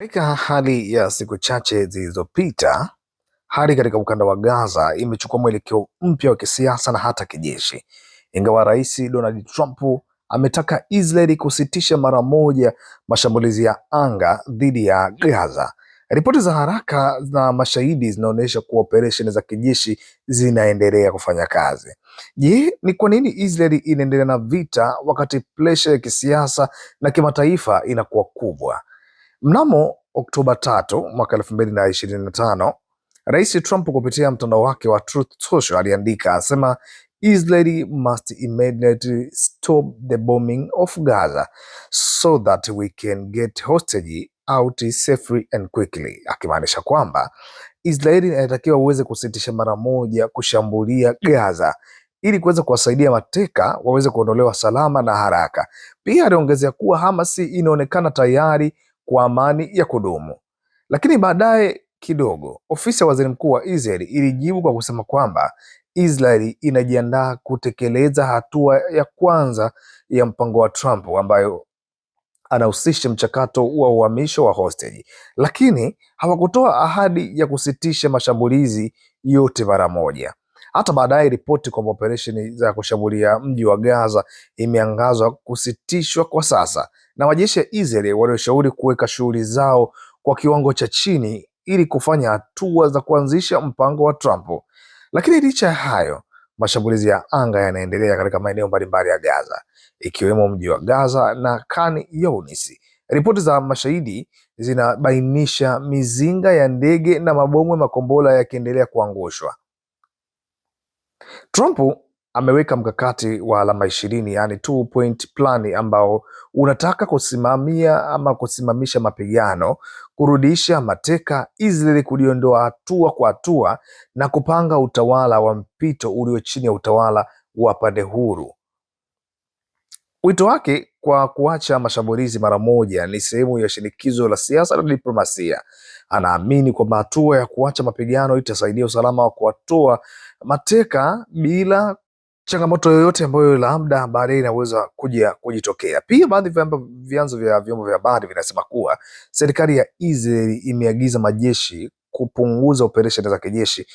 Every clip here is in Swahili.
Katika hali ya siku chache zilizopita, hali katika ukanda wa Gaza imechukua mwelekeo mpya wa kisiasa na hata kijeshi, ingawa Rais Donald Trump ametaka Israeli kusitisha mara moja mashambulizi ya anga dhidi ya Gaza. Ripoti za haraka na mashahidi zinaonyesha kuwa operesheni za kijeshi zinaendelea kufanya kazi. Je, ni kwa nini Israeli inaendelea na vita wakati presha ya kisiasa na kimataifa inakuwa kubwa? Mnamo Oktoba tatu mwaka elfu mbili na ishirini na tano Rais Trump kupitia mtandao wake wa Truth Social aliandika asema Israel must immediately stop the bombing of Gaza so that we can get hostage out safely and quickly, akimaanisha kwamba Israeli inatakiwa uweze kusitisha mara moja kushambulia Gaza ili kuweza kuwasaidia mateka waweze kuondolewa salama na haraka. Pia aliongezea kuwa Hamas inaonekana tayari kwa amani ya kudumu. Lakini baadaye kidogo, ofisi ya waziri mkuu wa Israel ilijibu kwa kusema kwamba Israel inajiandaa kutekeleza hatua ya kwanza ya mpango wa Trump ambayo anahusisha mchakato wa uhamisho wa hostage, lakini hawakutoa ahadi ya kusitisha mashambulizi yote mara moja. Hata baadaye ripoti kwamba operesheni za kushambulia mji wa Gaza imeangazwa kusitishwa kwa sasa na majeshi ya Israeli walioshauri kuweka shughuli zao kwa kiwango cha chini ili kufanya hatua za kuanzisha mpango wa Trump. Lakini licha ya hayo, mashambulizi ya anga yanaendelea katika maeneo mbalimbali ya Gaza ikiwemo mji wa Gaza na Khan Younis. Ripoti za mashahidi zinabainisha mizinga ya ndege na mabomu ya makombora yakiendelea kuangushwa. Trump ameweka mkakati wa alama ishirini yani two point plan ambao unataka kusimamia ama kusimamisha mapigano, kurudisha mateka Israeli, kuliondoa hatua kwa hatua na kupanga utawala wa mpito ulio chini ya utawala wa pande huru. Wito wake kwa kuacha mashambulizi mara moja ni sehemu ya shinikizo la siasa na diplomasia. Anaamini kwamba hatua ya kuacha mapigano itasaidia usalama wa kuwatoa mateka bila changamoto yoyote ambayo labda baadaye inaweza kuja kujitokea. Pia baadhi ya vyanzo vya vyombo vya habari vinasema kuwa serikali ya Israel imeagiza majeshi kupunguza operesheni za kijeshi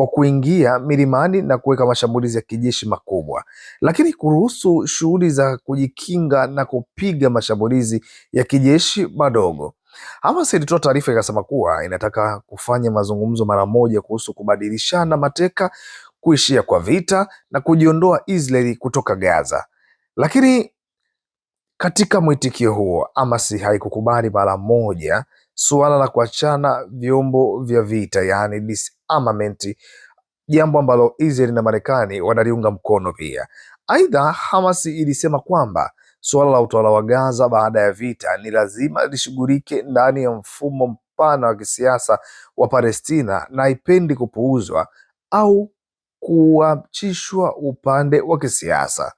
kwa kuingia milimani na kuweka mashambulizi ya kijeshi makubwa, lakini kuruhusu shughuli za kujikinga na kupiga mashambulizi ya kijeshi madogo. Hamas ilitoa taarifa ikasema kuwa inataka kufanya mazungumzo mara moja kuhusu kubadilishana mateka, kuishia kwa vita na kujiondoa Israeli kutoka Gaza, lakini katika mwitikio huo, Hamas haikukubali mara moja suala la kuachana vyombo vya vita, yaani disarmament, jambo ambalo Israel na Marekani wanaliunga mkono pia. Aidha, Hamas ilisema kwamba suala la utawala wa Gaza baada ya vita ni lazima lishughulike ndani ya mfumo mpana wa kisiasa wa Palestina na haipendi kupuuzwa au kuachishwa upande wa kisiasa.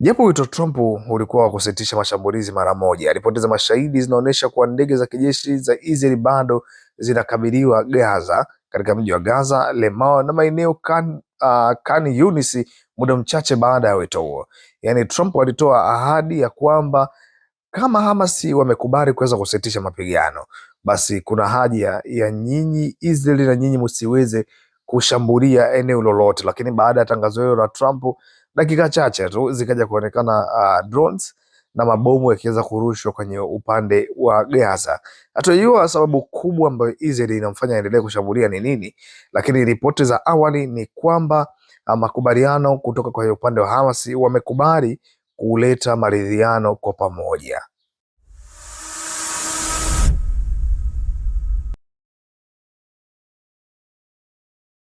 Japo wito Trump ulikuwa wa kusitisha mashambulizi mara moja, ripoti za mashahidi zinaonyesha kuwa ndege za kijeshi za Israel bado zinakabiliwa Gaza, katika mji wa Gaza, Lemao na maeneo kan, uh, ah, kan Yunis, muda mchache baada ya wito huo. Yaani Trump alitoa ahadi ya kwamba kama Hamas wamekubali kuweza kusitisha mapigano, basi kuna haja ya nyinyi Israel na nyinyi msiweze kushambulia eneo lolote. Lakini baada ya tangazo hilo la Trump Dakika chache tu zikaja kuonekana uh, drones na mabomu yakiweza kurushwa kwenye upande wa Gaza. Hatujua sababu kubwa ambayo Israel inamfanya endelee kushambulia ni nini, lakini ripoti za awali ni kwamba ah, makubaliano kutoka kwenye upande wa Hamas wamekubali kuleta maridhiano kwa pamoja.